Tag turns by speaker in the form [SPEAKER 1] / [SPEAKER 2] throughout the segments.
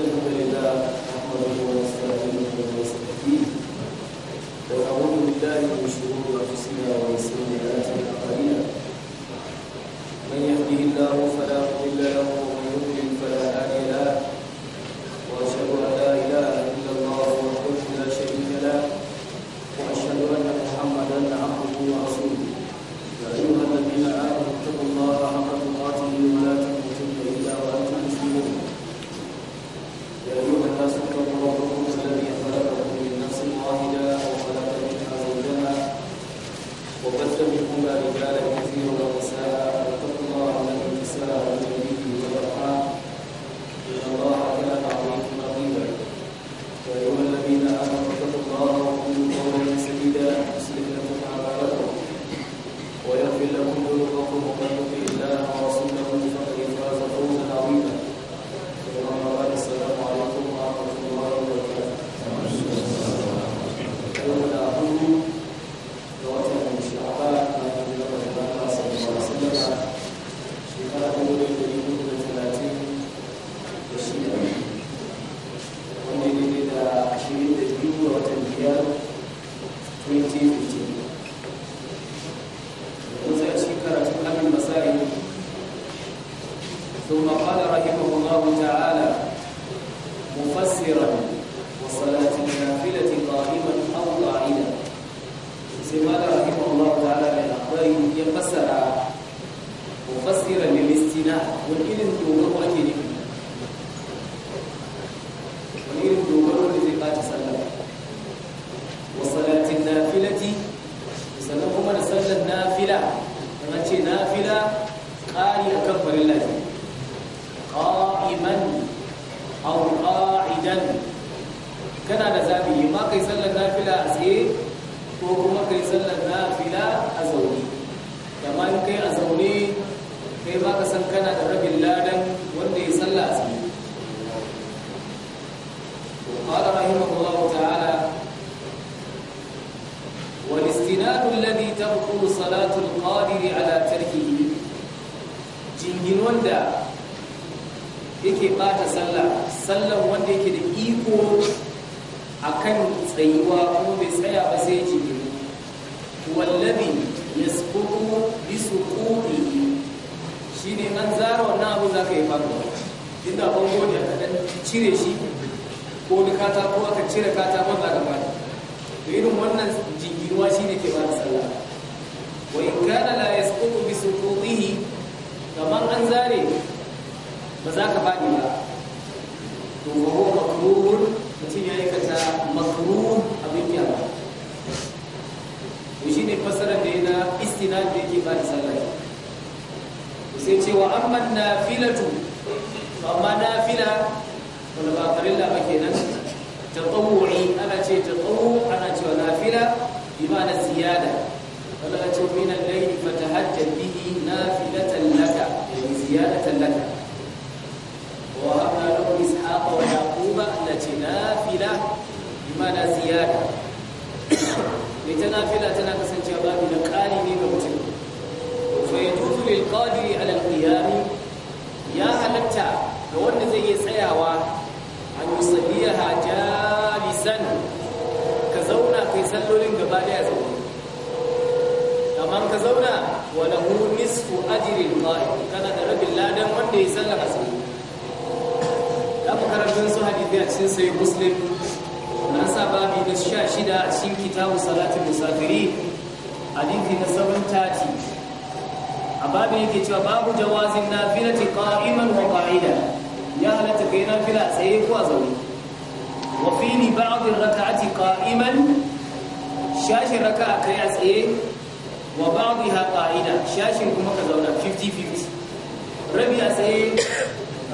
[SPEAKER 1] Gracias.
[SPEAKER 2] مفسرا وصلاة النافلة قائما أو قاعدا سمال رحمه الله تعالى من أخباره يفسر مفسرا للاستناء والإذن دونه أجنبه istinad da yake ba da sallah sai ce wa amma nafilatu amma nafila wala ba farilla ba kenan tatawwu'i ana ce tatawwu ana ce nafila bi ma'ana ziyada wala ce min al-layli fatahajjad bihi nafilatan laka ziyadatan laka wa habna lahu ishaqa wa yaquba allati nafila bi ma'ana ziyada ita nafila tana kasancewa babu na kari ne ga mutum fa ya tutu qadiri ala a qiyam ya halatta ga wanda zai iya tsayawa an yusalliha jalisan ka zauna kai sallolin gaba daya zauna amma ka zauna wani lahu nisfu ajri al kana da rabin ladan wanda ya sallama sai da makarantar su hadisi a sayi sai muslim an sa babi na sha shida a cikin kitabu salatin musafiri hadithi na 730 a babin yake cewa babu jawazin nafilati qa'iman wa qa'ida ya halatta kai nafila tsaye ko a zaune wa fi ba'd a tsaye shashin kuma ka zauna 50-50 rabi a tsaye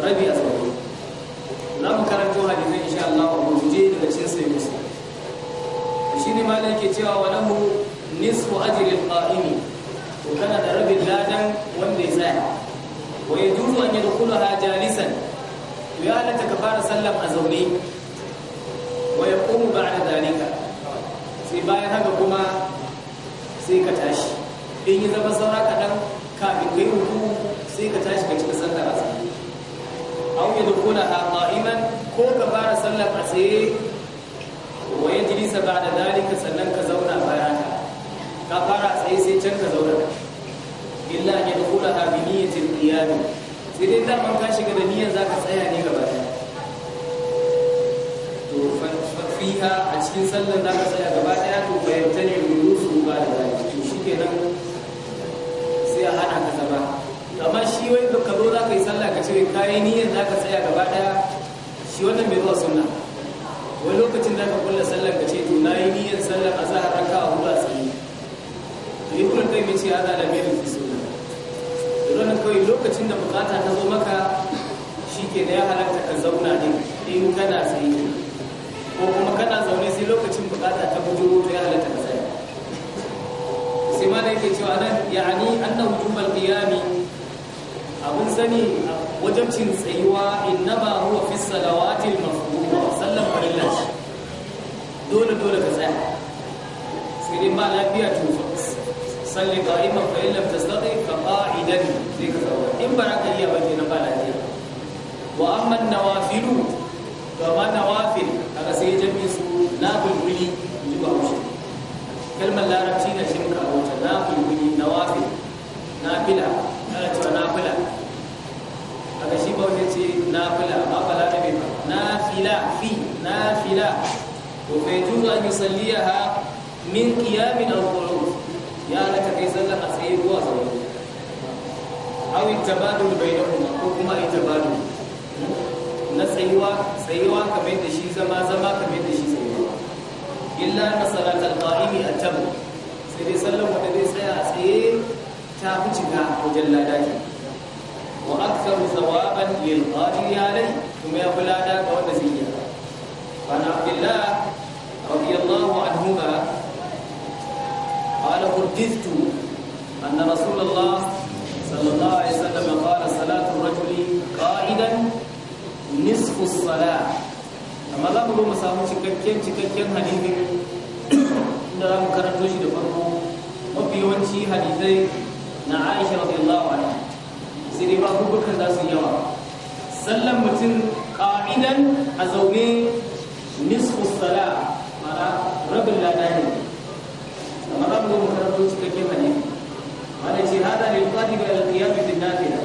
[SPEAKER 2] rabi a zaune za mu karanto hadisai insha Allah a gurguje daga cikin shine malam yake cewa wa lahu nisfu ajri al-qa'imi to kana da rabin ladan wanda ya tsaya wa yajuzu an yadkhulaha jalisan to ya halatta ka fara sallam a zaune wa yaqumu ba'da dalika sai bayan haka kuma sai ka tashi in yi zama saura kaɗan kafin kai hudu sai ka tashi ka cika sallar a tsaye aw yadkhulaha qa'iman ko ka fara sallar a tsaye wa yajlisa ba'da dhalika sannan ka zauna bayan ka ka fara tsaye sai can ka zauna illa an yadkhulaha bi niyyatil qiyam sai dai da man ka shiga da niyyar zaka tsaya ne gaba ɗaya to fiha a cikin sallar ka tsaya gaba ɗaya to bayyantane rusu ba da zaki, to shikenan sai a hana ka zama amma shi wai ka zo zaka yi sallah ka ce kai niyyar zaka tsaya gaba ɗaya shi wannan bai zuwa sunna wani lokacin da ka kulla sallar ka ce to na yi niyyar sallar a zahar raka a hudu a tsaye to yi kullum kai ce hada da mai rufi suna da wannan kawai lokacin da bukata ta zo maka shi ke da ya halarta ka zauna ne in kana tsaye ko kuma kana zaune sai lokacin bukata ta bujo to ya halarta ka tsaya sai ma da yake cewa nan ya'ani na jumal qiyami Abin sani wajen wajabcin tsayuwa innama huwa fi salawatil mafruḍ lallace dole dole ka tsaya sai dai ba lafiya to salli qa'iman fa illam tastati fa qa'idan sai ka tsaya in ba ka iya ba kenan ba lafiya wa amma an-nawafilu to ma a kaga sai jami'in su na bulbuli ji ba haushi kalmar larabci na shimka wata na bulbuli nawafil nafila نافلة وفيجوز أن يصليها من قيام أو قعود يا لك كي صلى أسعيد وزوج أو التبادل بينهما حكما التبادل نسعيوا سعيوا كمين دشي زما زما كمين دشي سعيوا إلا أن صلاة القائم أتم سيدي صلى الله عليه وسلم أسعيد تابتنا وجل داجي واكثر ثوابا للقادر عليه ثم يقول هذا هو النسيه عن عبد الله رضي الله عنهما قال حدثت sallallahu alaihi الله صلى الله عليه وسلم قال صلاة الرجل قائدا amma za mu samu cikakken cikakken hadisin inda za karanto shi da farko mafi yawanci hadisai na aisha radiyallahu anha sai dai ba kubukan za su yawa sallan mutum ka'idan a zaune nisfu sala mana rabin lada ne kamar an zo makarantar cikakken hadisi wanda ce hada ne kwadi ga alƙiyami bin nafila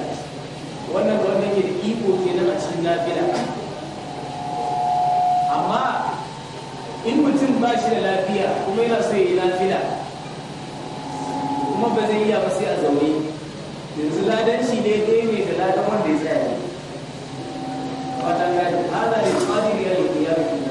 [SPEAKER 2] wannan wanda ne iko kenan a cikin nafila amma in mutum ba shi da lafiya kuma yana so yi nafila kuma ba zai iya ba sai a zaune yanzu ladan shi ne ɗaya ne da ladan wanda ya tsaya ne Fatan gani hada ne kwadi ga alƙiyami bin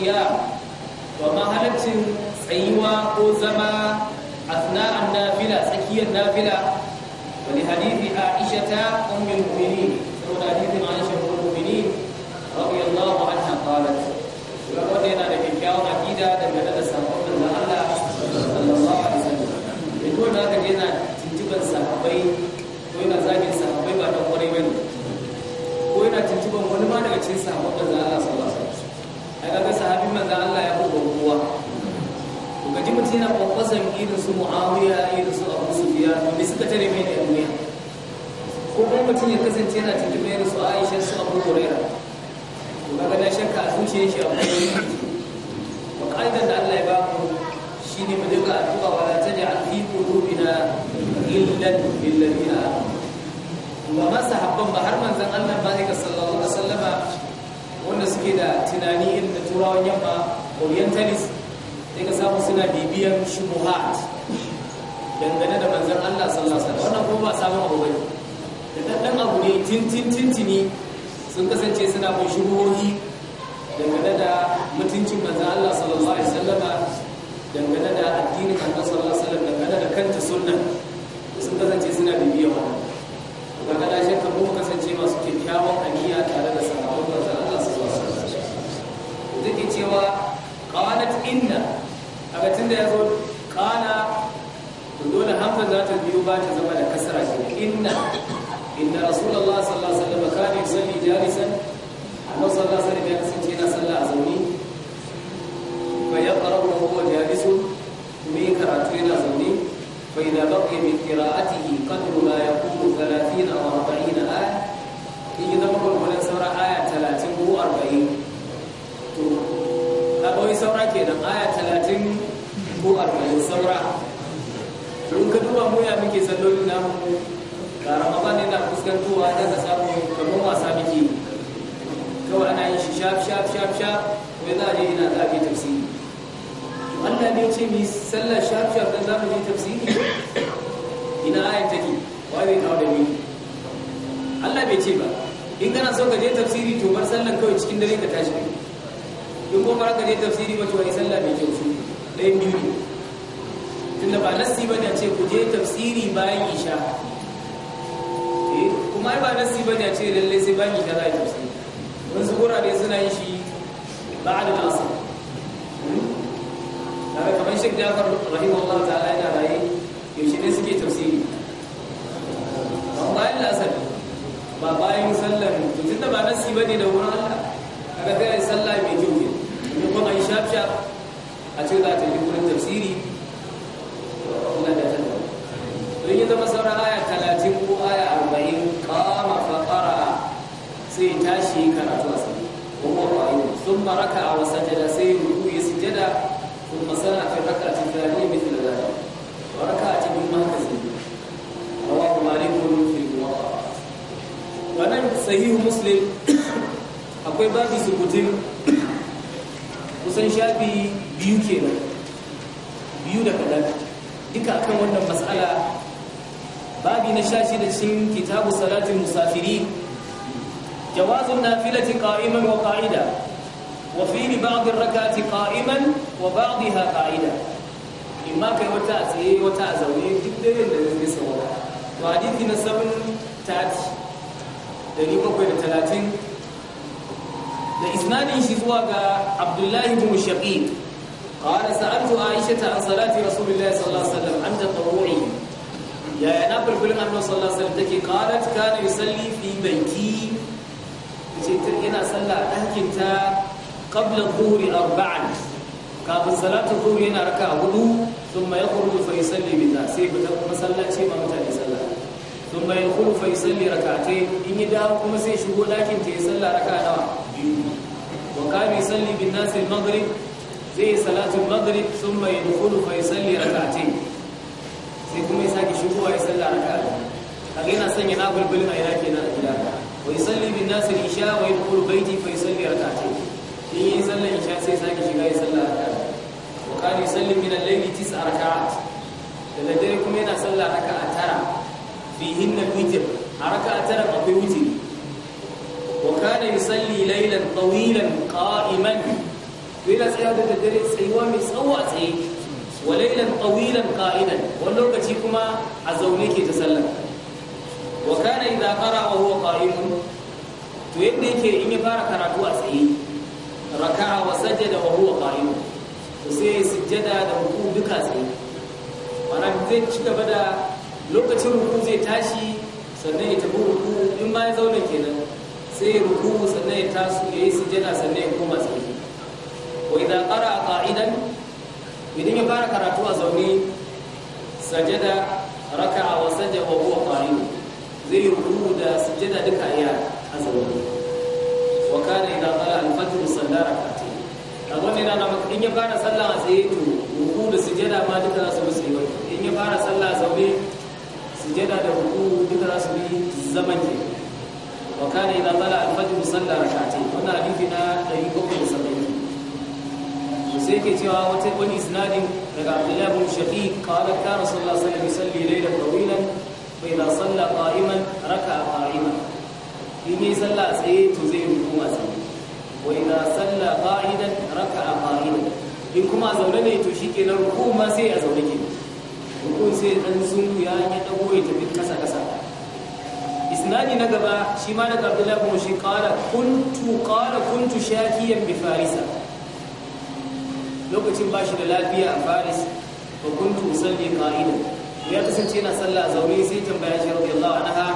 [SPEAKER 2] tsakiya wa mahalicin tsayiwa ko zama a sana'an nafila tsakiyar nafila wa ni hadithi a isha ta ƙungin rubini saboda hadithi ma aisha ko rubini ya Allah wa hannun ƙwalat ga wanda yana da kyakkyawan akida da gada da sababbin da Allah sallallahu alaihi wasallam in kuma da yana tuntuban sababbai ko yana zagin sababbai ba ta kwarai bane ko yana tuntuban wani ma daga cikin sababbin da Allah kaga sahabin manzan Allah ya buga kowa to kaji mutum yana kwakwasan irin su muawiya irin su abu sufiya da suka tare mai da duniya ko kuma mutum ya kasance yana cikin mai su aisha su abu huraira to kaga na shakka a zuciyar shi abu wa ka'idar da Allah ya ba mu shine mu dinga addu'a wala taj'al fi qulubina illan lil ladina ba ma sahabban ba har manzon Allah ba sallallahu alaihi wasallama wanda suke da tunani inda turawan yamma orientalist sai ka samu suna bibiyan shubuhat dangane da manzan Allah sallallahu alaihi wannan kuma ba sabon abu bane da daddan abu ne tintin tintini sun kasance suna bin shubuhohi dangane da mutuncin manzan Allah sallallahu alaihi wasallama dangane da addinin Allah sallallahu alaihi wasallam dangane da kanta sunna sun kasance suna bibiya wannan kaga da shakka mu kasance masu kyakkyawan aniya tare da cewa qalat inna abacin da yazo qala to dole hamza za ta biyo ba ta zama da kasra ce inna inna rasulullah sallallahu alaihi wasallam kana yusalli jalisan annabi sallallahu alaihi wasallam ya kasance yana sallah a zauni fa yaqra'u wa huwa jalisun mai karatu yana zaune fa idza baqiya min qira'atihi qadru ma yaqulu 30 aw 40 ayah in yi zama gwargwadon sauran aya 30 ko 40 saura ke nan aya talatin ko arba'in saura in ka duba mu ya muke sallolin namu ga ramadan yana fuskantowa za ka samu kamar wasa muke kawai ana yin shi shaf shaf shaf shaf wai za a je ina za a tafsiri Allah ne ce mi sallar shaf shaf don za mu je tafsiri ina ayan take wai bai kawo da Allah bai ce ba in kana so ka je tafsiri to bar sallan kawai cikin dare ka tashi in kuma haka ne tafsiri ba wani sallah mai kyau su ɗayan biyu ne tunda ba nassi ba a ce ku je tafsiri bayan isha eh, kuma ba nassi ba a ce lalle sai bayan isha za a yi tafsiri wasu ne suna yi shi ba a al-asr daga hmm? kamar shek jafar ta ala yana raye yaushe ne suke tafsiri bayan la'asar ba bayan sallar mutum tunda ba nassi ne da wurin Allah kaga kai sallah mai kyau shafshaf a ce za ta yi wurin tafsiri Allah da tana don yi zama sauran aya talatin ko aya arba'in kama faƙara sai tashi karatu a sani kuma ƙwayo sun baraka a wasa jada sai ruku ya sujada sun masana kan raka a cikin rani mai tilada baraka a cikin makasin rawa kuma ne kuma ba. wannan sahihu muslim akwai babu sukutin kusan shafi biyu ke nan biyu da kadan duka akan wannan mas'ala babi na shashi da cikin kitabu salatin musafiri jawazun nafilati qa'iman wa ƙa'ida wa fi ba'd ar-rak'ati qa'iman wa ba'daha in ma kai wata a tsaye wata a zaune duk da yanda zai sawa to hadisi na 730 da ni bakwai da talatin. da isnadin shi zuwa ga abdullahi bin shaqiq qala sa'altu aisha an salati rasulullahi sallallahu alaihi wasallam an tatawwu'i ya yana farfilin annabi sallallahu alaihi wasallam take qalat kana yusalli fi baiti ce ta yana sallah a ɗakin ta qabla dhuhri arba'an kafin salatu dhuhri yana raka hudu thumma yakhruju fa yusalli bi ta sai fita masallaci ma mutane sallah thumma yakhruju fa yusalli rak'atayn in ya dawo kuma sai shigo ɗakin ta ya sallah raka'a nawa wa kana yusalli bin nas al-maghrib zai salatu al-maghrib thumma yadkhulu fa yusalli rak'atayn sai kuma ya saki shigowa ya salla raka'a kaga yana sanya nafilbil a ina kenan a gida wa yusalli bin nas al-isha wa yadkhulu bayti fa yusalli rak'atayn in yi sallan isha sai saki shiga ya salla raka'a wa kana yusalli min al-layli tis'a raka'at da daddare kuma yana salla raka'a tara fihin na witr a raka'a tara akwai witr wa kana yusalli laylan tawilan qa'iman yana tsaya da dare tsayuwa mai tsawo a tsaye wa laylan tawilan qa'idan wani lokaci kuma a zaune ke ta sallar wa kana idza qara'a huwa qa'imun to yadda yake in ya fara karatu a tsaye raka'a wa sajada wa huwa qa'imun to sai da ruku duka tsaye mana zai ci gaba da lokacin ruku zai tashi sannan in ma ya zauna kenan sai ruku sannan ya taso ya yi sujjada sannan ya koma tsaye wa idan qara a qa'idan idan ya fara karatu a zaune sajada raka'a wa sajada wa huwa qa'id zai ruku da sujjada duka iya a zaune wa kana idan qara al-fajr salla rak'atayn A wani na maka in ya fara sallah a tsaye to ruku da sujjada ma duka za su bi tsaye in ya fara sallah a zaune sujjada da ruku duka za su bi zaman kenan wa kana idza tala al-fajr salla rak'atayn wannan hadisi na 770 sai ke cewa wata wani isnadin daga Abdullah ibn Shaqiq qala kana sallallahu alaihi wasallam yusalli laylan tawilan fa idza salla qa'iman raka'a qa'iman in yi salla tsaye to zai ruku ma tsaye wa idza salla qa'idan raka'a qa'idan in kuma zaune ne to shikenan ruku ma sai a zaune ke rukun sai dan sunku ya yi dago ya tafi kasa kasa isnadi na gaba shi ma daga abdullahi bin shi qala kuntu qala kuntu shakiyan bi farisa lokacin ba shi da lafiya a faris ba kuntu usalli qa'ida ya kasance na sallah zaune sai tambaya shi radiyallahu anha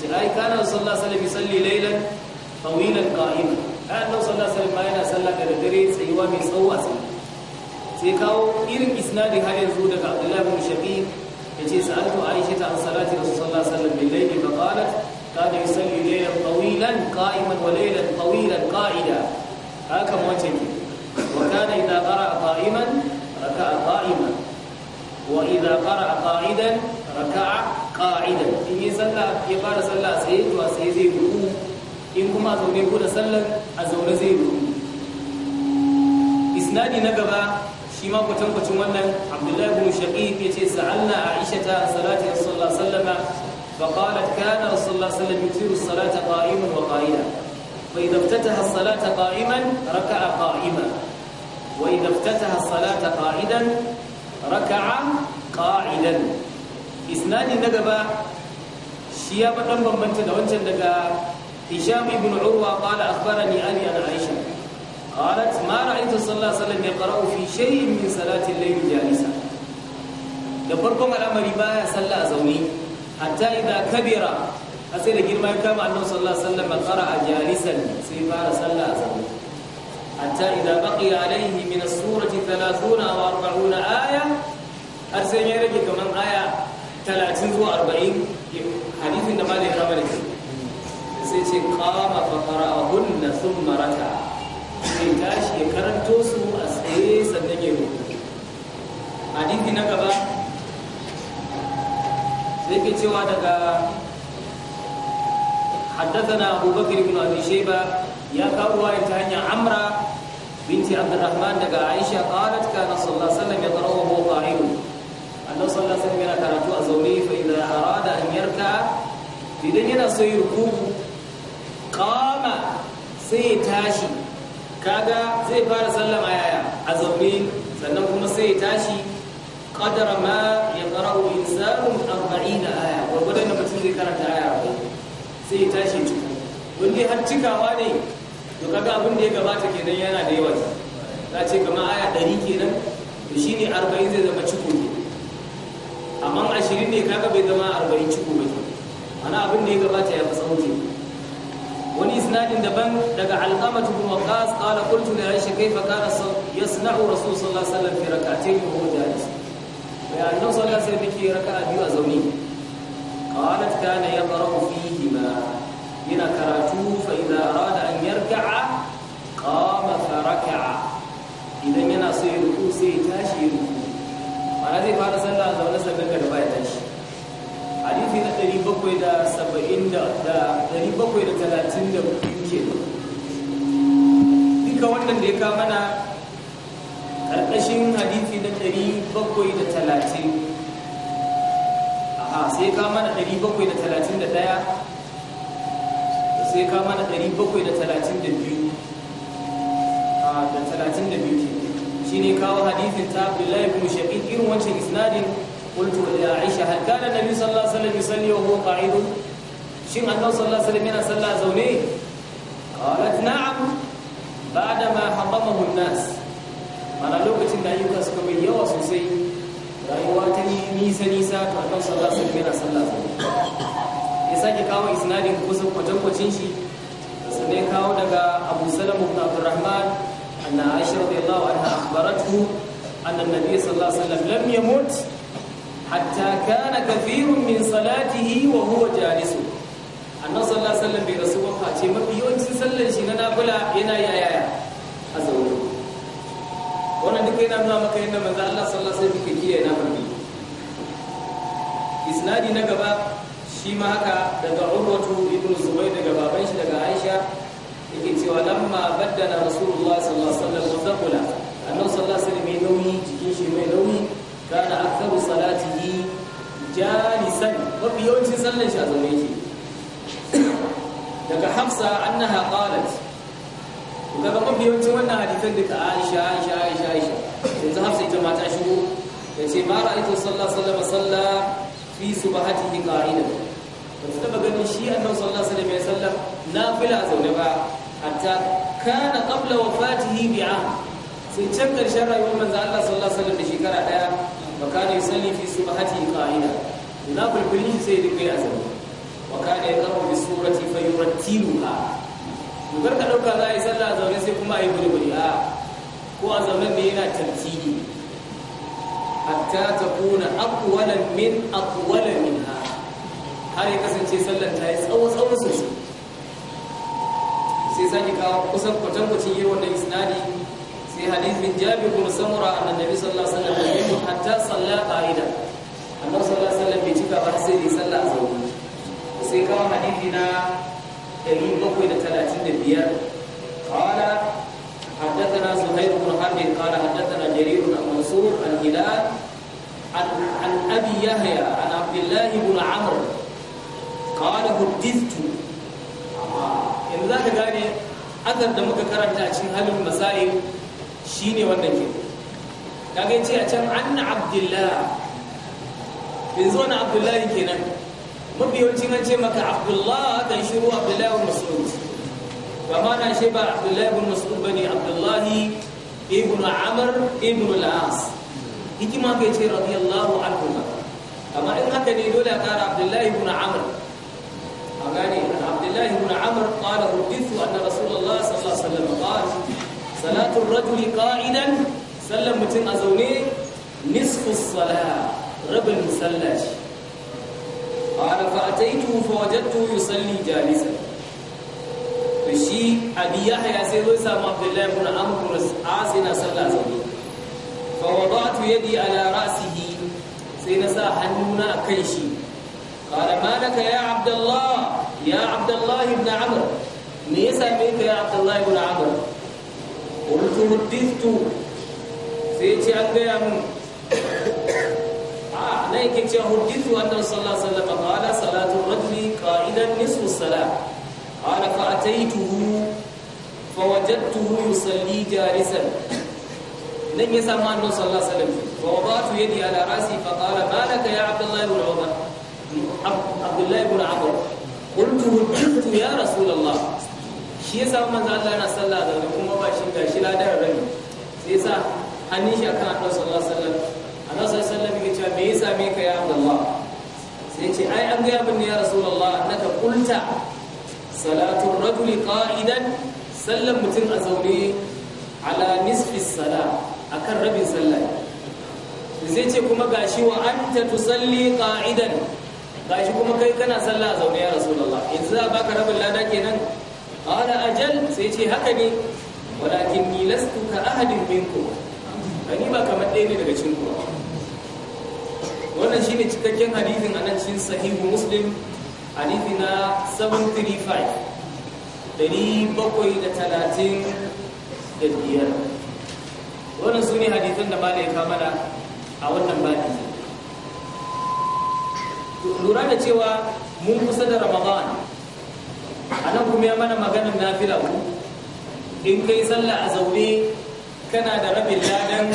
[SPEAKER 2] shi ai kana sallallahu alaihi wasallam salli lailan tawilan qa'ima ai annabi sallallahu alaihi wasallam yana sallah da dare tsayuwa mai tsawo a sai kawo irin isnadi har yanzu daga abdullahi bin shaqiq yace sa'altu aisha an salati rasul sallallahu alaihi wasallam bil layli fa qalat kana yusalli laylan tawilan qa'iman wa laylan tawilan qa'ida haka mace ne wa kana idza qara'a qa'iman raka'a qa'iman wa idza qara'a qa'idan raka'a qa'idan in yi sallah ya fara sallah sai to sai zai ruku in kuma a zaune ko da sallar a zaune zai ruku isnadi na gaba shi ma kwatankwacin wannan abdullahi bin shaqiq yace sa'alna aisha ta salati rasulullah sallama fa qalat kana rasulullah sallallahu alaihi wasallam yutiru salata qa'iman wa qa'ida fa idha iftataha as-salata qa'iman raka'a qa'iman wa idha iftataha as-salata qa'idan raka'a qa'idan isnadi na gaba shi ya fadan bambanta da wancan daga hisham ibn urwa qala akhbarani ali an aisha قالت ما رأيت صلى الله عليه وسلم يقرأ في شيء من صلاة الليل جالسا لفرقم الأمر بايا صلى زوني حتى إذا كبر أسئلة جرما كما أنه صلى الله عليه وسلم قرأ جالسا سيبار صلى زوني حتى إذا بقي عليه من السورة ثلاثون أو أربعون آية أرسل يرجع كمان آية ثلاثين وأربعين حديث إنما ذي رمالك سيشي قام فقرأهن ثم ركع sai tashi ya karanto su a tsaye sannan ya rubuta hadisi na gaba zai fi cewa daga haddasana abubakar ibn abi shayba ya kawo wa ta hanya amra binti abdurrahman daga aisha qalat kana sallallahu alaihi wasallam yadrahu wa qahiru annahu sallallahu alaihi wasallam karatu azumi fa idha arada an yarka idan yana so yi rukuku qama sai tashi kaga zai fara sallama yaya a zaune sannan kuma sai ya tashi kadara ma ya samun amfani da aya gurgurdan da mutum zai karanta aya ko sai ya tashi ciki wani har cikawa ne to kaga abin da ya gabata kenan yana da yawa ta ce kamar aya ɗari kenan to shine arba'in zai zama ciko ne amma ashirin ne kaga bai zama arba'in ciko ba ana abin da ya gabata ya fi sauke wani isnadin daban daga al'amatu bin waqas qala qultu li aisha kayfa kana yasna'u rasul sallallahu alaihi wasallam fi rak'atayn wa huwa jalis wa annahu sallallahu alaihi wasallam fi rak'a biyu a zauni qalat kana yaqra'u fihima yana karatu fa idza arada an yarka'a qama fa raka'a idan yana so ya ruku sai ya tashi ya ruku ana zai fara sallah zaune sannan ka ya baya tashi hadisi na 700 da bakwai da talatin da ke duka wannan da ya kama na ƙarƙashin hadithi na dari bakwai da talatin aha sai kama na dari bakwai da talatin da ɗaya sai kama na dari bakwai da talatin da biyu ah, da talatin da biyu shi ne kawo hadithin ta abdullahi bin shaƙi irin wancan isnadin قلت aisha هل كان النبي صلى الله عليه وسلم يصلي وهو قاعد shin annabi sallallahu alaihi wasallam yana sallah zaune qalat na'am ba'da ma hamamahu an-nas mana lokacin da ayyuka suka bai yawa sosai rayuwa ta ni nisa nisa to annabi sallallahu alaihi wasallam yana sallah zaune ya sake kawo isnadin kusan kwatankwacin shi sanai kawo daga Abu Salama ibn Abdurrahman anna Aisha radiyallahu anha akhbarathu anna an-nabiy sallallahu alaihi wasallam lam yamut حتى كان كثير من صلاته وهو جالس annan sallah alaihi bai rasu ba ce mafi yawancin sallan shi na nafila yana yaya a zaune wannan duka yana nuna maka yadda manzo Allah sallallahu alaihi wasallam kiyaye na farki isnadi na gaba shi ma haka daga Urwatu ibn Zubayr daga baban shi daga Aisha yake cewa lamma baddana Rasulullah sallallahu alaihi wasallam mutaqula annabi sallallahu alaihi wasallam mai nauyi jikin shi mai nauyi kana aktharu salatihi jalisan mafi yawancin sallan shi a zaune yake daga Hafsa annaha qalat daga mafi yawancin wannan hadisan duka Aisha Aisha Aisha Aisha yanzu Hafsa ita ma ta shigo tace ma ra'aytu sallallahu alaihi wasallam salla fi subhatihi qa'idan ba ta taba ganin shi annabi sallallahu alaihi wasallam na sallar nafila zaune ba hatta kana qabla wafatihi bi'am sai can karshen rayuwar manzo Allah sallallahu alaihi wasallam da shekara daya bakani yusalli fi subhatihi qa'ida na bulbulin sai dinga azumi wa kana yaqra'u bi surati fa yurattiluha to karka ɗauka za a yi sallah a zaune sai kuma a yi guri a ko a zaune ne yana ta hatta takuna aqwala min aqwala minha har ya kasance sallar ta yi tsawo tsawo sosai sai ki kawo kusan kwatankwacin yi wannan isnadi sai hadithin jabir bin samura annabi sallallahu alaihi wasallam hatta salla qa'ida A nan sallar sallar bai cika ba sai ya sallar a zaune sai kawo hadithi na ɗari bakwai da talatin da biyar kawala haddata na su haifu na hamdi kawala haddata na jaririn a mansur al an abi ya haya an abdullahi bin amr kawana hudistu in ah, za ka gane azar da muka karanta a cikin halin masail shi ne wannan ke kaga ce a can an abdullahi bin zuwa na abdullahi kenan mafi yawanci an ce maka abdullah kan shiru abdullahi ibn mas'ud ba ma na ce ba abdullahi ibn mas'ud bane abdullahi ibn amr ibn al-as hikima kai ce radiyallahu anhu amma in haka ne dole a kara abdullahi ibn amr a gane abdullahi ibn amr qala hudithu anna rasulullah sallallahu alaihi wasallam qala salatu ar-rajuli qa'idan sallan mutum a zaune nisfu as-salah rabin musallaci قال فأتيته فوجدته يصلي جالسا فشي أبي يحيى سيدو سام عبد الله بن عمرو بن عاص صلى زوجي فوضعت يدي على رأسه سينسى حنونا كيشي قال ما لك يا عبد الله يا عبد الله بن عمرو ليس بك يا عبد الله بن عمرو قلت حدثت سيتي أن a nan yake cewa hudithu annahu sallallahu alaihi wasallam qala salatu rajuli qa'idan nisfu salat qala fa ataituhu fa wajadtuhu yusalli jalisan nan ya samu annahu sallallahu alaihi wasallam wa wada'tu yadi ala rasi fa qala malaka ya abdullah ibn umar abdullah ibn amr qultu hudithu ya rasul allah shi yasa manzo Allah yana sallah da kuma ba shi gashi ladan rabi sai yasa hannun shi akan annahu sallallahu alaihi wasallam annabi sallallahu alaihi wasallam me ya same ka ya Allah? sai ce ai an gaya min ya rasulullah annaka qulta salatu rajuli qa'idan sallan mutum a zaune ala nisfi sala akan rabin sallah Sai ce kuma gashi wa anta tusalli qa'idan gashi kuma kai kana sallah a zaune ya rasulullah yanzu za baka rabin lada kenan qala ajal sai ce haka ne walakin ni lastu ka ahadin minkum ani ba kamar ɗaya ne daga cikin ku wannan shine cikakken hadisin anan cikin sahihu muslim hadisi na 735 biyar wannan su ne hadisan da malai mana a wannan baki lura da cewa mun kusa da ramadan a nan kuma ya mana maganin nafila ku in kai sallah a zaune kana da rabin ladan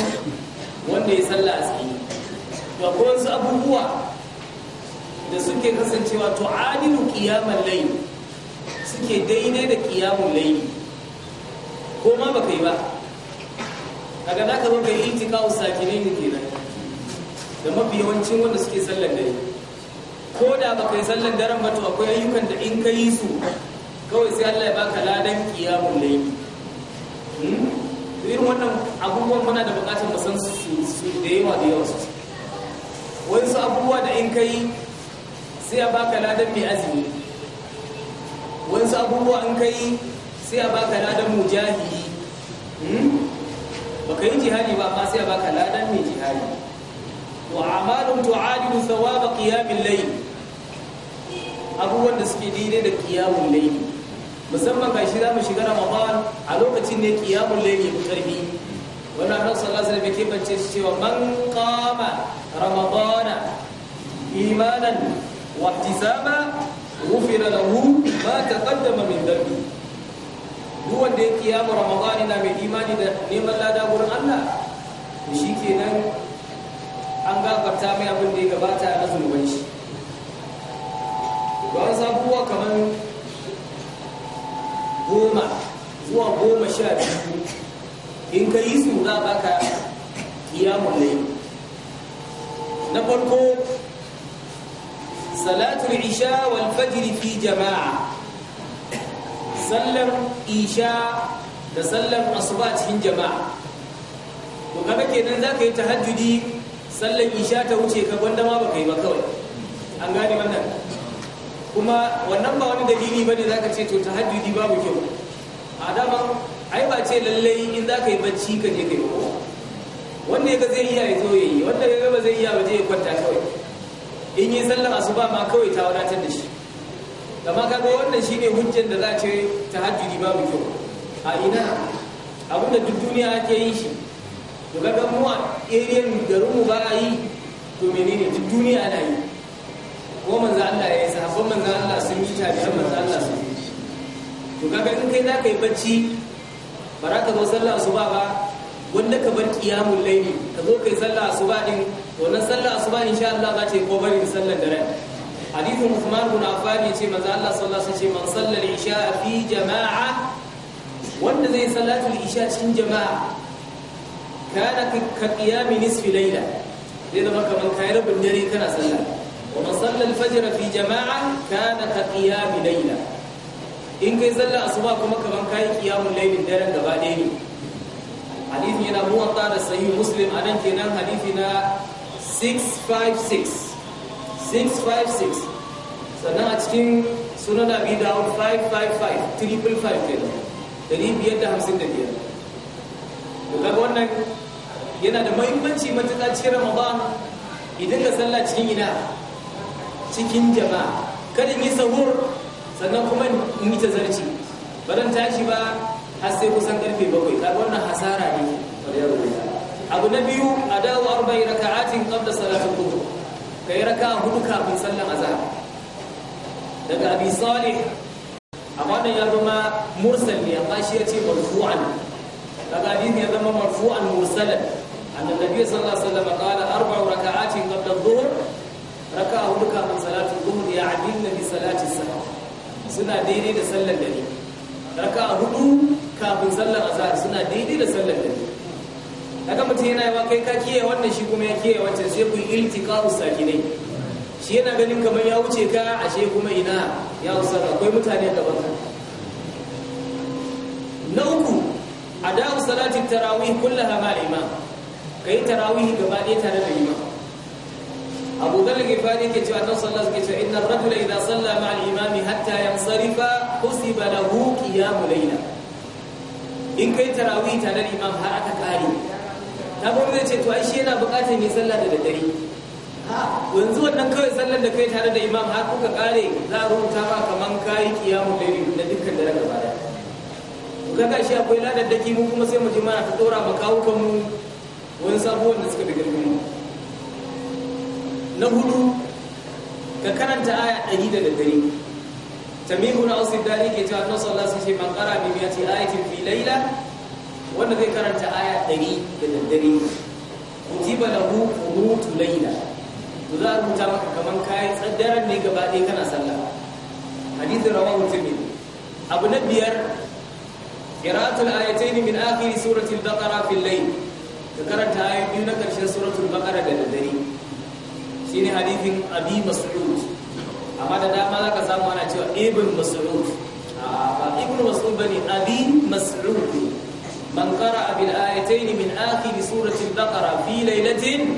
[SPEAKER 2] wanda ya sallah a tsaye to wasu abubuwa da suke kasancewa to adilu kiyamun layl suke daidai da kiyamun layl ko ma baka yi ba ga da ka zo ta kawo sakine ne kenan da mafi yawancin wanda suke sallan dare ko da baka yi sallan daren ba to akwai ayyukan da in ka yi su kawai sai Allah ya baka ladan kiyamun layl hmm? irin wannan abubuwan muna da bukatar mu san su da yawa da yawa su wasu abubuwa da in kai sai a baka ladan mai azumi wasu abubuwa in kai sai a baka ladan hmm? Ba ka yi jihadi ba amma sai a baka ladan mai jihadi wa amalun tu'adilu thawaba qiyamil layl abubuwan da suke daidai da qiyamul layl musamman gashi zamu shiga ramadan a lokacin ne qiyamul layl ya karbi wannan annabi sallallahu alaihi wasallam yake bance cewa man qama ramadan إيمانا واحتسابا غفر له ما تقدم من ذنبه duk wanda ya kiyama ramadani na mai imani da neman lada wurin Allah to shi kenan an gafarta mai abin ya gabata na zunuban shi ba sabuwa kamar goma zuwa goma sha biyu in ka yi su za baka kiyamun layi na farko salatu isha wal fajr fi jama'a sallar isha da sallar asuba cikin jama'a to kaga kenan zaka yi tahajjudi sallar isha ta wuce ka gwanda ma baka yi ba kawai an gane wannan kuma wannan ba wani dalili bane zaka ce to tahajjudi babu kyau a dama ai ba ce lallai in zaka yi bacci ka je kai ba wanda ya ga zai iya ya zo yayi wanda ya ga ba zai iya ba je ya kwanta kawai in yi sallar asuba ma kawai ta wadatar da shi gama kaga wannan ne hujjar da za ce ta ba mu kyau a ina abinda duk duniya ake yi shi to kaga mu a eriyan garin mu ba a yi to menene duk duniya ana yi ko manzo Allah ya yi sahabban manzo Allah sun yi da manzo Allah sun yi to kaga in kai za ka yi bacci ba za ka zo sallar asuba ba wanda ka bar qiyamul layli ka zo kai sallah asuba din wannan sallah asuba insha Allah za ta yi kokarin sallar dare hadithin Uthman bin Affan yace manzo Allah sallallahu alaihi wasallam man sallal isha fi jama'a wanda zai salatul isha cikin jama'a kana ka qiyami nisfi layla zai zama kamar kai rabin dare kana sallah wa man sallal fajr fi jama'a kana ka qiyami layla in kai sallah asuba kuma kamar kai qiyamul laylin daren gaba ɗaya ne hadithi yana muwatta da sahih muslim anan kenan hadisi na 656 656 sannan a cikin sunan abi dawud 555 triple five kenan da to Daga wannan yana da muhimmanci matuƙa cikin ramadan idan ka sallah cikin ina cikin jama'a kada yi sahur sannan kuma in yi tazarci ba zan tashi ba har sai kusan karfe bakwai kaga wannan hasara ne abu na biyu a dawo arba'in raka'atin qabla salatul Ka yi raka hudu kafin sallan azhar daga abi salih amma nan ya zama mursal ne amma shi ya ce marfu'an daga abin ya zama marfu'an mursalan annabi sallallahu alaihi wasallam qala arba'u raka'atin qabla adh-dhuhr raka'a hudu kafin salatul dhuhr ya'dilna bi salati suna daidai da sallar dare raka hudu kafin sallar azhar suna daidai da sallar da daga mutum yana yawa kai ka kiyaye wannan shi kuma ya kiyaye wancan sai ku iltiqa'u sakinai shi yana ganin kamar ya wuce ka ashe kuma ina ya wuce akwai mutane gaban ka na uku ada'u salatin tarawih kullaha ma'a imam kai tarawih gaba ɗaya tare da imam abu dalil gifari ke cewa annabi sallallahu alaihi wasallam ke cewa inna rajula idza salla ma'a al-imami hatta yansarifa husiba lahu qiyamul layla in kai tarawih tare da imam har aka kare ta gobe zai ce to ai shi yana buƙatar mai sallah da daddare ha yanzu wannan kawai sallar da kai tare da imam har kuka kare za a rubuta ba kaman kai qiyamul layli da dukkan dare gaba daya kaga shi akwai ladar daki mu kuma sai mu ji mana ta dora mu wani sabuwar da suka da girma na hudu ka karanta aya ɗari da daddare tamimu na ausif dari ke cewa annabi sallallahu alaihi wasallam man bi mi'ati ayatin fi layla wanda zai karanta aya ɗari da ji kutiba lahu mutu, layla Ku za a rubuta maka kamar kayan tsaddaran ne gaba ɗaya kana sallah hadith rawahu tirmidhi abu na biyar qira'atul ayatayn min akhir surati al-baqara fi al-layl ka karanta ayoyi na karshen suratul baqara da dare. shine hadithin abi mas'ud amma da dama ka samu ana cewa ibn mas'ud ah, ba ibn mas'ud bane abi mas'ud man qara'a bil ayatayn min akhir surati al-baqara fi laylatin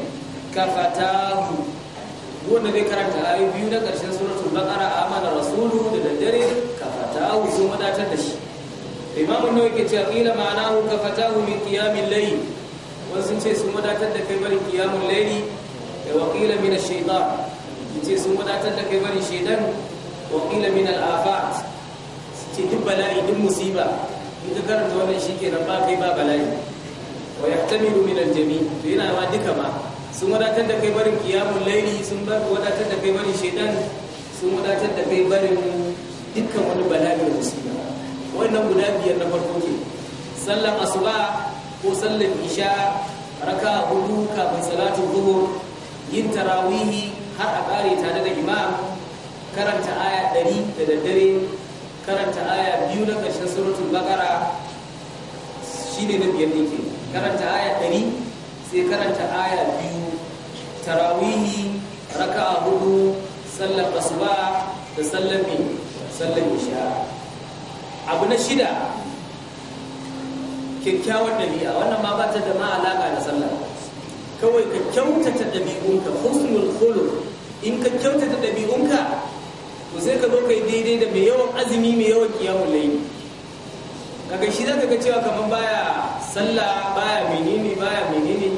[SPEAKER 2] kafatahu wanda zai karanta ayoyi biyu na ƙarshen suratul a amana rasulu da daddare kafatahu sun wadatar da shi imamu nawawi ke cewa qila ma'anahu kafatahu min qiyamil layl wasu sun ce sun wadatar da kai bari kiyamin layli وقيل من الشيطان يتي sun wadatar da kai bari shedan وقيل من الافات ce duk bala'i duk musiba in ka karanta wannan shikenan ba kai ba bala'i wa ya yahtamilu min aljami to yana ma duka ma sun wadatar da kai barin qiyamul layli sun wadatar da kai barin shaidan, sun wadatar da kai barin dukkan wani bala'i da musiba wannan guda biyar na farko ke sallar asuba ko sallan isha raka hudu kafin salatin zuhur yin tarawihi har a ƙare tare da imam karanta aya ɗari da daddare karanta aya biyu na ƙarshen surutun bakara shi ne na biyar ɗinke karanta aya ɗari sai karanta aya biyu tarawihi raka hudu sallar asuba da sallar mai sallar isha abu na shida kyakkyawar ɗabi'a wannan ma ba ta da ma alaƙa da sallar kawai ka kyautata ɗabi'unka husnul khuluq in ka kyautata ɗabi'unka to sai ka zo yi daidai da mai yawan azumi mai yawan kiyamun laini kaga shi zaka ga cewa kamar baya sallah baya menene baya menene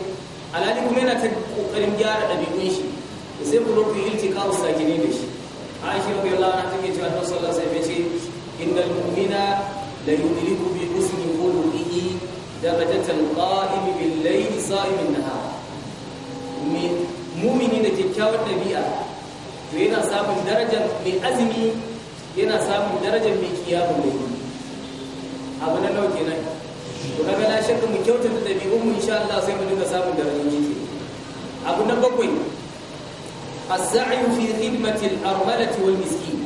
[SPEAKER 2] alhali kuma yana ta kokarin gyara ɗabi'un shi sai ku zo ku yi iltiqa'u sakine da shi Aisha radiyallahu anha take cewa Annabi sallallahu alaihi wasallam ce innal mu'mina la yudriku bi husni khuluqihi darajatan qa'imi bil layli sa'imin nahar mumini da kyakkyawar ɗabi'a to yana samun darajar mai azumi yana samun darajar mai mai da abu na nauke nan to na na shakka mu kyautata ɗabi'un mu insha Allah sai mu dinga samun darajar jiki abu na bakwai as-sa'i fi khidmati al-armalati wal miskin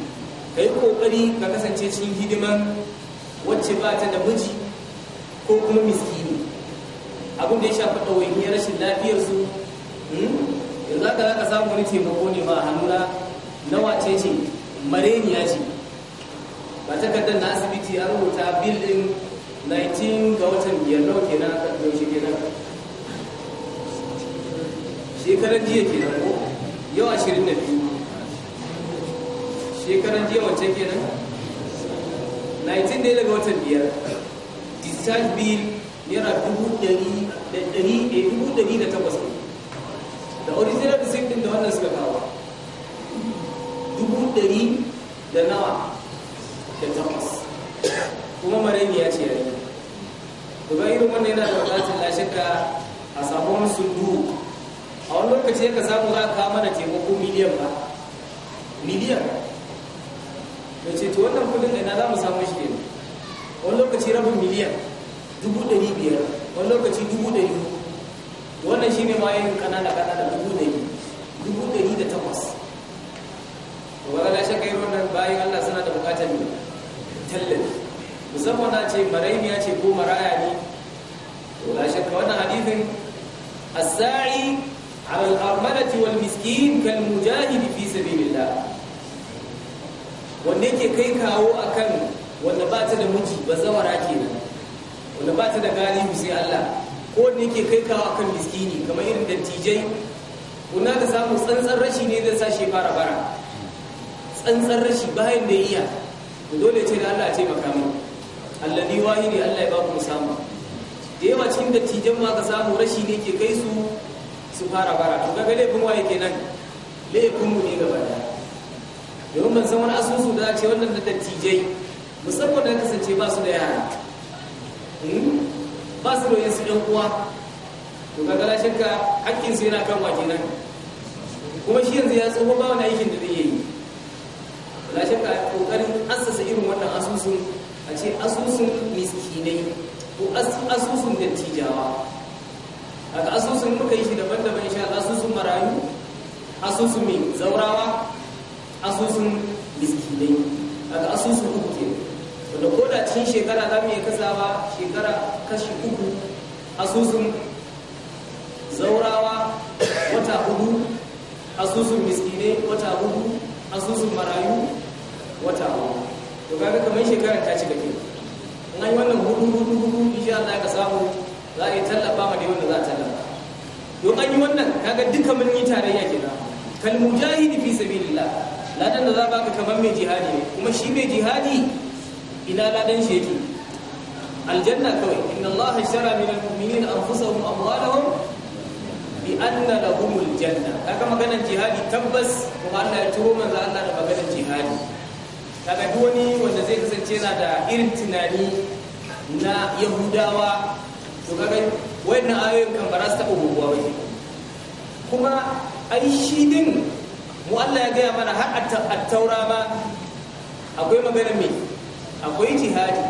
[SPEAKER 2] kai kokari ka kasance cikin hidiman wacce ba ta da miji ko kuma miskini abin da ya shafi ɗawainiyar rashin lafiyar su. Eh? yanzu aka za ka samu wani taimako ne ba hannuna na wace ce mareniya ce ba takardar na asibiti an rubuta bil 19 ga watan biyar nawa kenan yaushe kenan shekaran jiya nan ko yau ashirin da biyu shekaran jiya wancan nan 19 dai daga watan biyar discharge bill yana dubu dari eh, da takwas ne da original sin din da wannan suka kawo dubu dari da nawa da takwas kuma mareni ya ce da daga irin wannan yana da wadatun lashe ka a sabon sundu a wani lokaci ka samu za ka mana taimako miliyan ba miliyan da ce to wannan kudin ina za mu samu shi ne wani lokaci rabin miliyan dubu dari biyar wani lokaci dubu dari. wannan shine ma yin kanana kanana dubu ɗari dubu ɗari da takwas Wannan ba na shakka irin wannan bayan Allah suna da bukatar ne tallafi musamman na ce maraimiya ce ko maraya ne to la shakka wannan hadithin as-sa'i ala al-armalati wal miskin kal mujahid fi sabilillah wanda yake kai kawo akan wanda ba ta da miji ba zawara kenan wanda ba ta da galihu sai Allah ko da yake kai kawo akan miskini kamar irin dattijai kuna ka samu tsantsan rashi ne zai sashe fara bara tsantsan rashi bayan da iya dole ce da Allah ya taimaka mu wahi ne Allah ya ba ku samu da yawa cikin dattijan ma ka samu rashi ne ke kai su su fara bara to kaga laifin waye nan, laifin mu ne gaba da domin ban san wani asusu da ce wannan da dattijai musamman da kasance ba su da yara hmm? ba su da su ɗan uwa to ga gara shakka hakkin su yana kan wake nan kuma shi yanzu ya tsoho ba wani aikin da zai yi la shakka kokarin assasa irin wannan asusun a ce asusun miskinai ko asusun dattijawa daga asusun muka yi shi daban-daban insha asusun marayu asusun mai zaurawa asusun miskinai daga asusun uku wanda ko da cikin shekara za mu iya kasawa shekara kashi uku asusun zaurawa wata hudu asusun miskine wata hudu asusun marayu wata hudu to kaga kamar shekarar ta ci gaba in an yi wannan hudu hudu hudu insha Allah ka samu za a yi tallafa ma da wanda za a tallafa don an yi wannan kaga duka mun yi tarayya kenan kal mujahidi fi sabilillah ladan da za baka kamar mai jihadi kuma shi mai jihadi ina ladan shi yake aljanna kawai inna Allah shara min al-mu'minin anfusahum amwalahum bi anna lahum al-janna kaga maganar jihadi tabbas kuma Allah ya turo manzo Allah da maganar jihadi kaga duk wani wanda zai kasance yana da irin tunani na yahudawa to kaga wayannan ayoyin kan ba za su taɓa bubuwa ba kuma ai shi din mu Allah ya gaya mana har a taura ma akwai maganar mai akwai jihadi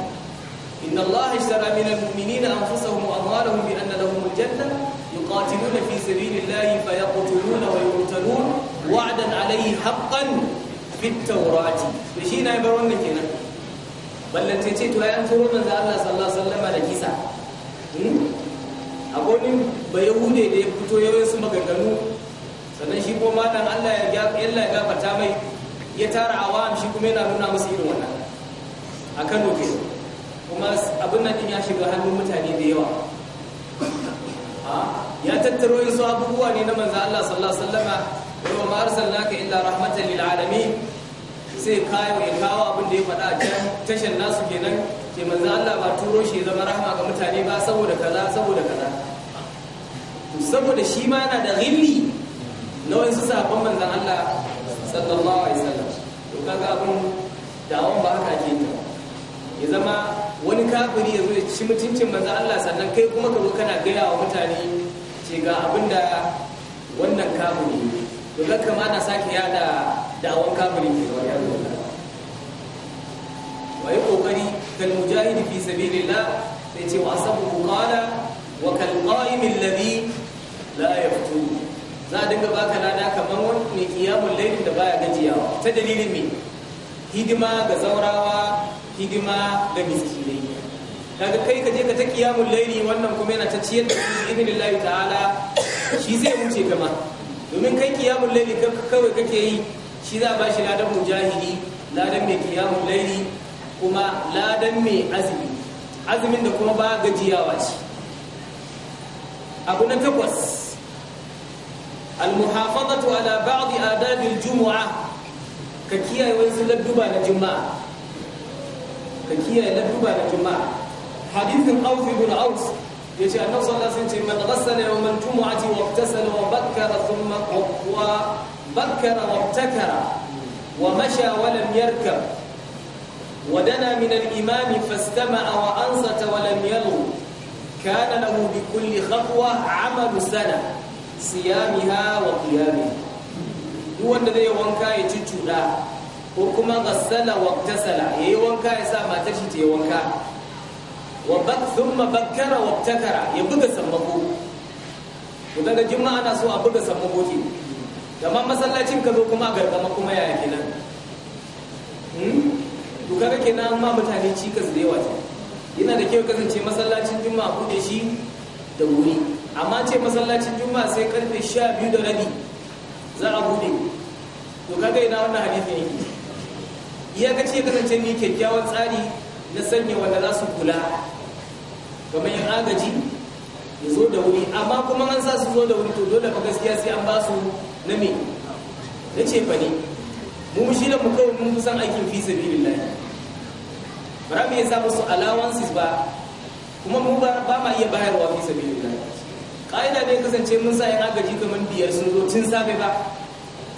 [SPEAKER 2] inna allaha ishtara min almu'minina anfusahum wa amwalahum bi anna lahum aljanna yuqatiluna fi sabilillahi fayaqtuluna wa yuqtalun wa'dan alayhi haqqan fi at-taurati to shi na bar wannan kenan balla ce to ayan turo manzo Allah sallallahu alaihi wasallam da kisa hmm? akwai wani bayahude da ya fito yayin su maganganu sannan shi ko ma dan Allah ya gafarta mai ya tara awam shi kuma yana nuna musu irin wannan a kano ke kuma abin nan ya shiga hannun mutane da yawa ya tattaro yin su abubuwa ne na manzan Allah sallallahu alaihi wasallama wa ma arsalnaka illa rahmatan lil alamin sai kayo ya kawo abin da ya faɗa a can tashin nasu kenan ke manzan Allah ba turo shi zama rahma ga mutane ba saboda kaza saboda kaza saboda shi ma yana da ghilli na wasu sabon manzan Allah sallallahu alaihi wasallam to kaga abin dawon ba haka ke ta ya zama wani kafiri ya zo ya ci mutuncin manzo Allah sannan kai kuma ka zo kana gaya wa mutane ce ga abinda wannan kafiri to ga kama na sake yada da'awan ke wani yaro wa yi kokari kal mujahidi fi sabilillah sai ce wa asabu qala wa kal qa'im alladhi la yaftu za a dinga baka lada kamar wani mai kiyamun laifin da baya gajiyawa ta dalilin me hidima ga zaurawa hidima ga miskinai daga kai ka je ka ta kiyamun laili wannan kuma yana ta ciyar da su ibn lillahi ta'ala shi zai wuce kama domin kai kiyamun laili kawai kake yi shi za ba shi ladan mujahidi ladan mai kiyamun laili kuma ladan mai azumi azumin da kuma ba gajiyawa ce abu na takwas المحافظة على jumu'a Ka kiyaye wasu ويسل na juma'a. ka kiyaye na duba da juma'a hadithin auf ibn aus yace annabi sallallahu alaihi wasallam man ghassala yawm al-jum'ati wa iktasala wa bakkara thumma wa bakkara wa ibtakara wa masha wa lam yarkab wa dana min al-imam fastama'a wa ansata wa lam yalghu كان له بكل خطوة عمل سنة صيامها وقيامها هو الذي يوانكا ko kuma ghassala wa ya yayi wanka ya sa matar shi ta yi wanka wa bak thumma bakkara wa ibtakara ya buga sammako to daga juma'a ana so a buga sammako ke amma masallacin ka zo kuma gargama kuma yaya kenan hmm? to kaga kenan ma mutane cikas da yawa ce yana da kyau kasance masallacin juma'a kuɗe shi da wuri amma ce masallacin juma'a sai karfe sha biyu da rabi za a buɗe to kaga ina wannan hadisin yake ya ga ce kasance ne kyakkyawan tsari na sanya wanda za su kula kamar yin agaji ya zo da wuri amma kuma an sa su zo da wuri to dole ba gaskiya sai an ba su na me na ce fa ne mu shi da mu kawai mun kusan aikin fi ra bara me yasa musu allowances ba kuma mu ba ma iya bayarwa fi sabilillah kaida dai kasance mun sa yin agaji kamar biyar sun zo tun safe ba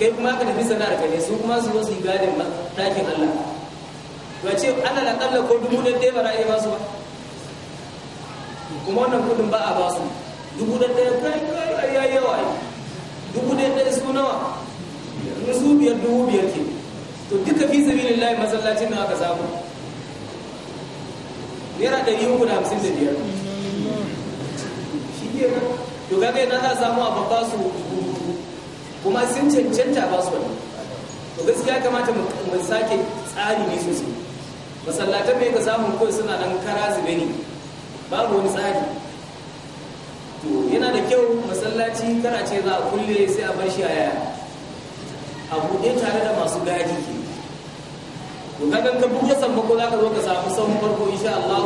[SPEAKER 2] kai kuma ka tafi sana a ne su kuma su zo su yi gadin ba takin Allah ba ce ana na kalla ko dubu da ɗaya ba ra'ayi ba su ba kuma wannan kudin ba a ba su dubu da ɗaya kai kai a yayi yawa yi dubu da ɗaya su nawa in su biyar dubu biyar ke to duka fi sabilin layi masallacin na aka samu naira ɗari uku da hamsin da biyar shi ke to kaga yana za a samu a babba su kuma sun cancanta ba su wani to gaskiya kamata mu sake tsari ne sosai masallatan mai ka samu ko suna dan kara zube ne babu wani tsari to yana da kyau masallaci kana ce za a kulle sai a bar shi a yaya a buɗe tare da masu gadi ke to ka ganka buɗe sammako za ka zo ka samu sahun farko insha Allah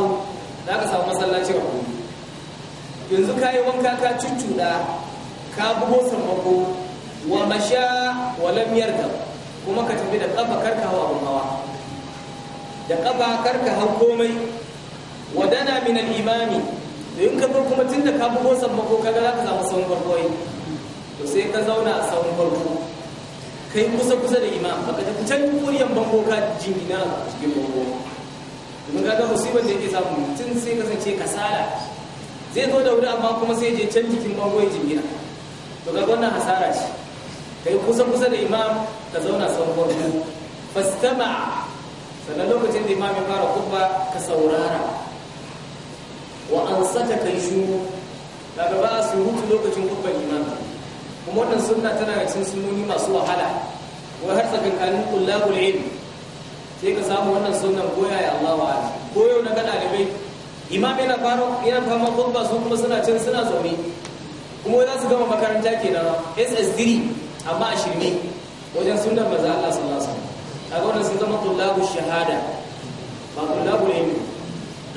[SPEAKER 2] za ka samu masallaci a yanzu ka yi wanka ka cuccuɗa ka bugo sammako wa masha wa lam yarda kuma ka tafi da kafa karka hawa abun hawa da kafa karka hau komai wa dana min al-imami to in ka kuma tunda ka bugo ka ga za ka samu sahun farko to sai ka zauna a sahun farko kai kusa kusa da imam baka tafi can kuriyan bango ka jingina cikin bango ga kaga musibar da yake samu mutum sai kasance kasala zai zo da wuri amma kuma sai je can jikin bango ya jingina to ga wannan hasara ce kai kusa kusa da imam ka zauna son farko fastama sannan lokacin da imam ya fara kubba ka saurara wa an sata kai shuru daga ba a surutu lokacin kubban imam kuma wannan suna tana da cin sunoni masu wahala wai har tsakankanin kullabul ilmi sai ka samu wannan suna goya ya Allah wa koyo na ga dalibai imam yana fara yana fama kubba su kuma suna can suna zaune kuma za su gama makaranta kenan SS3 amma a shirme wajen sun maza Allah sallallahu alaihi wasallam kaga wannan sun zama tullabu shahada ba tullabu ilmi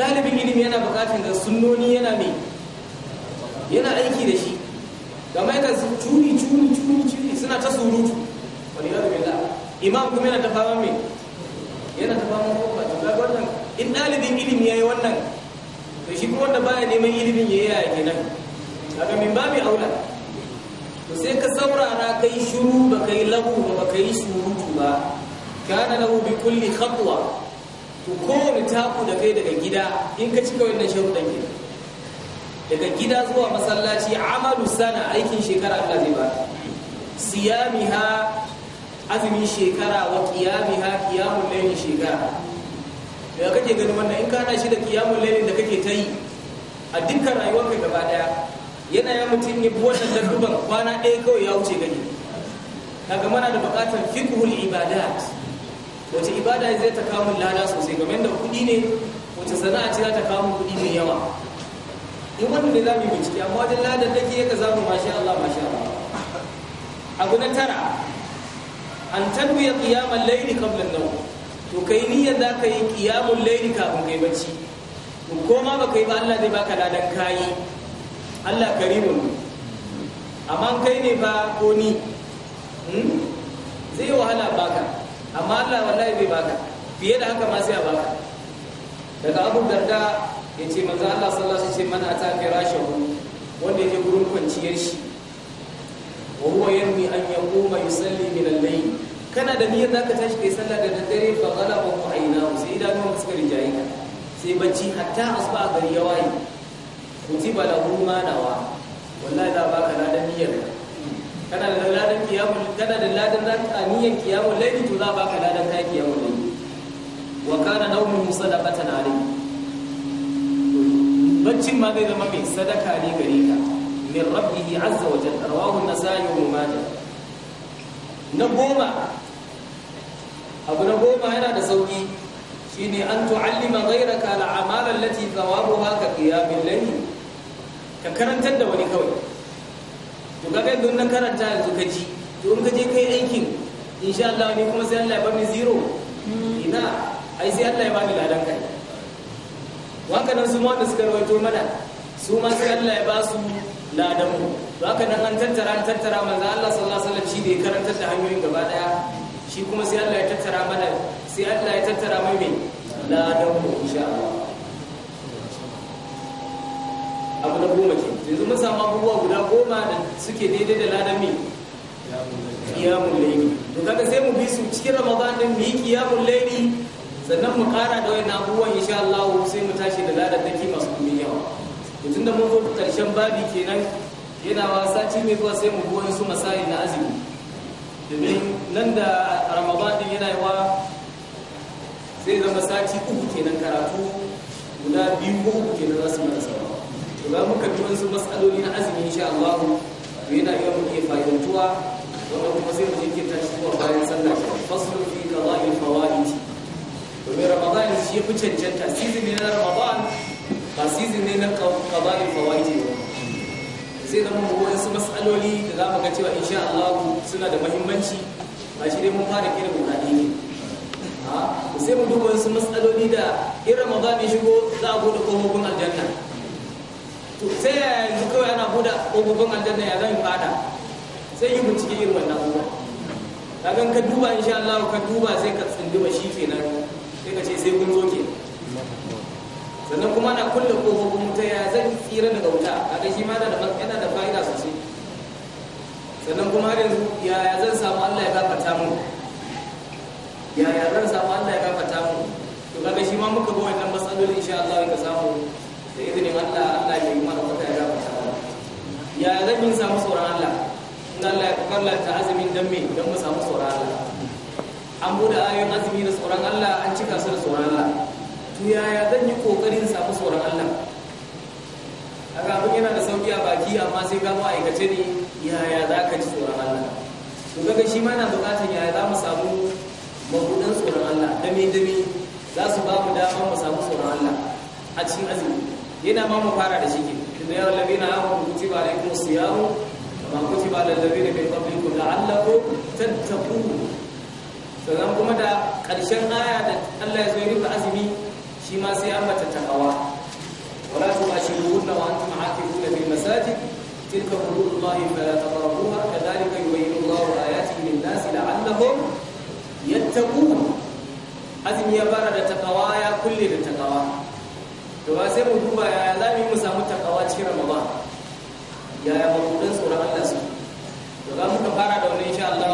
[SPEAKER 2] dalibin ilimi yana bukatun da sunnoni yana me yana aiki da shi kamar yakan su curi curi curi suna ta surutu waliyar billah imam kuma yana tafawa fama me yana tafawa fama ko ba tullabu wannan in dalibin ilimi yayi wannan to shi kuma wanda baya neman ilimin yayi ya kenan kaga min babi aula sai ka saurara kai shiru ba kai lagu ba ba yi surutu ba kana lahu bi kulli khatwa to kowane taku da kai daga gida in ka cika wannan sharuɗan ke daga gida zuwa masallaci amalu sana aikin shekara Allah zai ba siyamiha azumin shekara wa qiyamiha qiyamul layli shekara da kake ganin wannan in kana shi da qiyamul layli da kake ta yi a dukkan rayuwarka gaba daya yanayin mutum ya bi wannan darduban kwana ɗaya kawai ya wuce gani kaga mana da buƙatar fiqhul ibadat wace ibada zai ta kawo lada sosai game da kuɗi ne wace sana'a ce za ta kawo kuɗi mai yawa in wannan ne za mu yi bincike amma wajen lada da ke ka zamu masha Allah masha Allah abu na tara an tanwiya qiyamul layli qabla an-nawm to kai niyyar za ka yi qiyamul layli kafin kai bacci ko ma ba kai ba Allah zai baka ladan kayi Allah karimun amma kai ne ba ko ni hmm? zai wahala baka amma Allah wallahi bai baka fiye da haka ma sai a baka daga abu darda ya ce manzo Allah sallallahu alaihi mana ta firashahu wanda yake gurin kwanciyar shi wa huwa yanmi an yaquma yusalli min al-layl kana da niyyar zaka tashi kai sallah da daddare fa ghalaba aynahu sai idanuwan suka rijaye ka sai bacci hatta a gari ya waye kutiba lahu ma nawa wallahi za baka ladan niyyar kana da ladan kiyamul kana da ladan niyyar kiyamul layli to za baka ladan kai kiyamul layli wa kana nawmu sadaqatan alayhi baccin ma zai zama mai sadaka ne gare ka min rabbih azza wa jalla rawahu an-nasai wa malik na goma abu na goma yana da sauki shine an tu'allima ghayraka al-a'mal allati thawabuha ka qiyamil layli ka karantar da wani kawai to kaga don nan karanta yanzu ka ji to in ka je kai aikin insha Allah ne kuma sai Allah ya bani zero ina ai sai Allah ya bani ladan kai wanka nan su ma wanda suka rawaito mana su ma sai Allah ya ba su ladan mu haka nan an tattara an tattara manzo Allah sallallahu alaihi wasallam shi ne karantar da hanyoyin gaba daya shi kuma sai Allah ya tattara mana sai Allah ya tattara mai ladan mu insha Allah abu na goma ke yanzu mun samu abubuwa guda goma da suke daidai da ladan mi kiyamun laili to kaga sai mu bi su cikin ramadan din mu yi kiyamun laili sannan mu kara da wayan abubuwan insha Allah sai mu tashi da ladan masu kumin yawa to tunda mun zo karshen babi kenan yana wasa ci mai zuwa sai mu bi wani su masai na azumi domin nan da ramadan din yana yawa sai zama sati uku kenan karatu guda biyu ko uku kenan za su marasa to ga muka tuwon su matsaloli na azumi insha Allah to yana iya muke fahimtuwa wanda kuma sai muje jinkirta shi zuwa bayan sallah faslu fi qada'i fawaid domin ramadan shi ya fi cancanta season ne na ramadan ba season ne na qada'i fawaid ba sai da mu wasu matsaloli da za mu ga cewa insha Allah suna da muhimmanci ba shi dai mun fara kira bukati ne sai mu duba wasu matsaloli da in ramadan ya shigo za a bude kofofin aljanna sai yanzu kawai ana buɗe ƙofofin aljanna ya zan fada sai yi bincike irin wannan abubuwa kagan ka duba insha Allah ka duba sai ka tsinduma shi kenan sai ka ce sai kun zo ke sannan kuma na kulle ƙofofin wuta ya zan tsira daga wuta kaga shi ma da yana da fa'ida sosai sannan kuma har yanzu yaya zan samu Allah ya gafarta mu yaya zan samu Allah ya gafarta mu to kaga shi ma muka bi wannan matsaloli insha Allah ka samu da izinin Allah Allah ya yi mana wata ya gafarta ya zan yi samu tsoron Allah in Allah ya farlanta azumin dan me dan mu samu tsoron Allah an bude ayoyin azumi da tsoron Allah an cika su da tsoron Allah to yaya zan yi kokarin samu tsoron Allah A abin yana da sauki a baki amma sai ka mu aikace ne yaya za ka ji tsoron Allah to kaga shi ma yana bukatar yaya za mu samu mabudan tsoron Allah dame dame za su ba mu dama mu samu tsoron Allah a cikin azumi yana ma mu fara da shi ke inda yawan labina amon kuti ba da kuma siyamu ma kuti ba da labina mai kwamfani ku da allako tattaku sannan kuma da karshen aya da allah ya zo rufe azumi shi ma sai an bata takawa wala tu ashiruhunna wa antum aaqifuna bil masajid tilka hududullahi fala taqrabuha kadhalika yubayyinu allahu ayatihi lin-nasi la'allahum yattaqun azumi ya fara da takawa ya kulle da takawa to ba sai mu duba ya za mu yi mu samu takawa cikin ramadan mu mabudan tsoron Allah su to za mu ka fara da wani insha Allah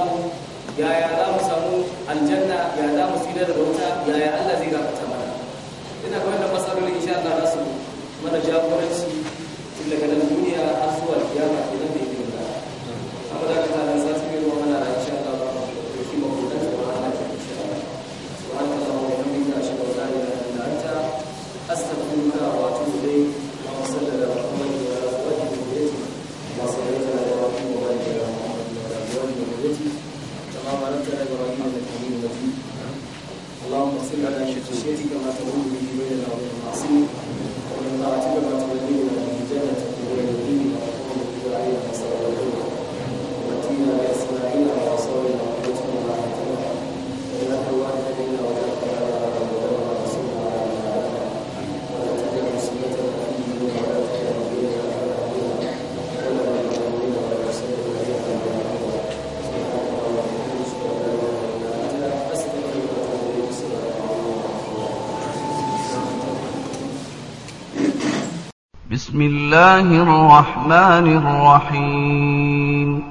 [SPEAKER 2] ya za mu samu aljanna ya za mu tsira daga wuta ya Allah zai gafarta mana ina ga wannan masalolin insha Allah za su mana jagoranci tun daga nan
[SPEAKER 3] بسم الله الرحمن الرحيم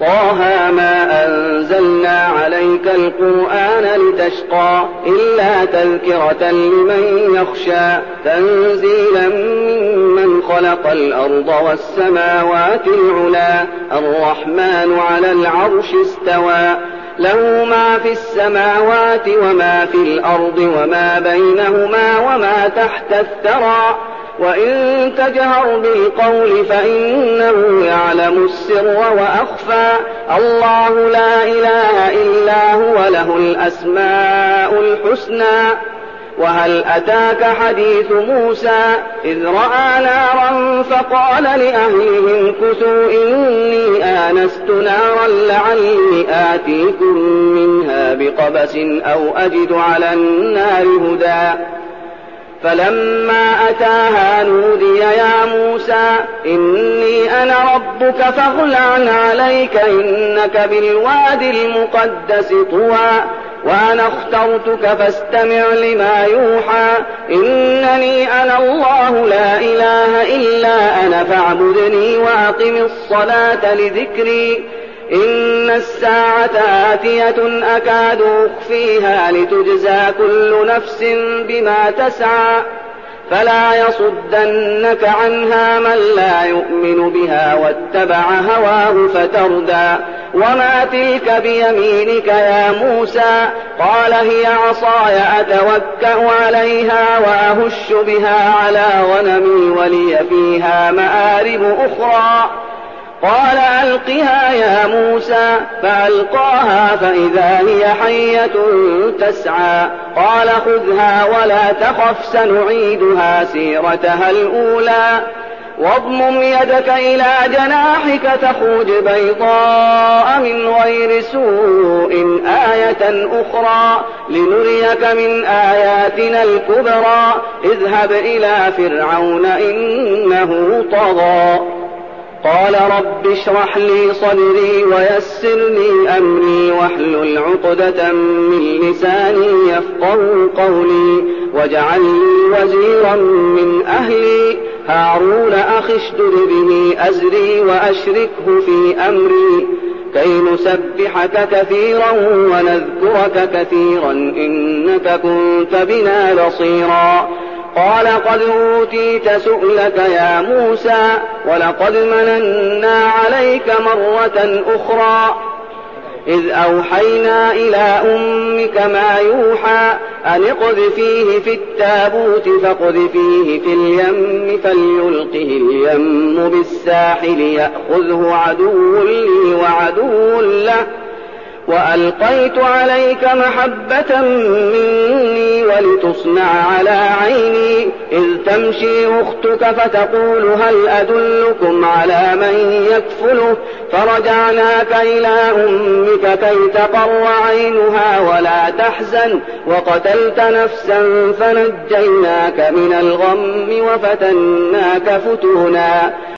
[SPEAKER 3] طه ما أنزلنا عليك القرآن لتشقى إلا تذكرة لمن يخشى تنزيلا ممن خلق الأرض والسماوات العلا الرحمن على العرش استوى له ما في السماوات وما في الأرض وما بينهما وما تحت الثرى وإن تجهر بالقول فإنه يعلم السر وأخفى الله لا إله إلا هو له الأسماء الحسنى وهل أتاك حديث موسى إذ رأى نارا فقال لأهلهم كثوا إني آنست نارا لعلي آتيكم منها بقبس أو أجد على النار هدى فلما أتاها نودي يا موسى إني أنا ربك فاغلعن عليك إنك بالواد المقدس طوى وأنا اخترتك فاستمع لما يوحى إنني أنا الله لا إله إلا أنا فاعبدني وأقم الصلاة لذكري إن الساعة آتية أكاد أخفيها لتجزى كل نفس بما تسعى فلا يصدنك عنها من لا يؤمن بها واتبع هواه فتردى وما تلك بيمينك يا موسى قال هي عصاي أتوكأ عليها وأهش بها على غنمي ولي فيها مآرب أخرى قال ألقها يا موسى فألقاها فإذا هي حية تسعى قال خذها ولا تخف سنعيدها سيرتها الأولى واضمم يدك إلى جناحك تخرج بيضاء من غير سوء آية أخرى لنريك من آياتنا الكبرى اذهب إلى فرعون إنه طغى قال رب اشرح لي صدري ويسر لي أمري واحلل عقدة من لساني يفقه قولي واجعل لي وزيرا من أهلي هارون أخي اشتر به أزري وأشركه في أمري كي نسبحك كثيرا ونذكرك كثيرا إنك كنت بنا بصيرا قال قد أوتيت سؤلك يا موسى ولقد مننا عليك مرة أخرى إذ أوحينا إلى أمك ما يوحى أن اقذفيه في التابوت فاقذفيه في اليم فليلقه اليم بالساحل يأخذه عدو لي وعدو له وألقيت عليك محبة مني ولتصنع على عيني إذ تمشي أختك فتقول هل أدلكم على من يكفله فرجعناك إلى أمك كي تقر عينها ولا تحزن وقتلت نفسا فنجيناك من الغم وفتناك فتونا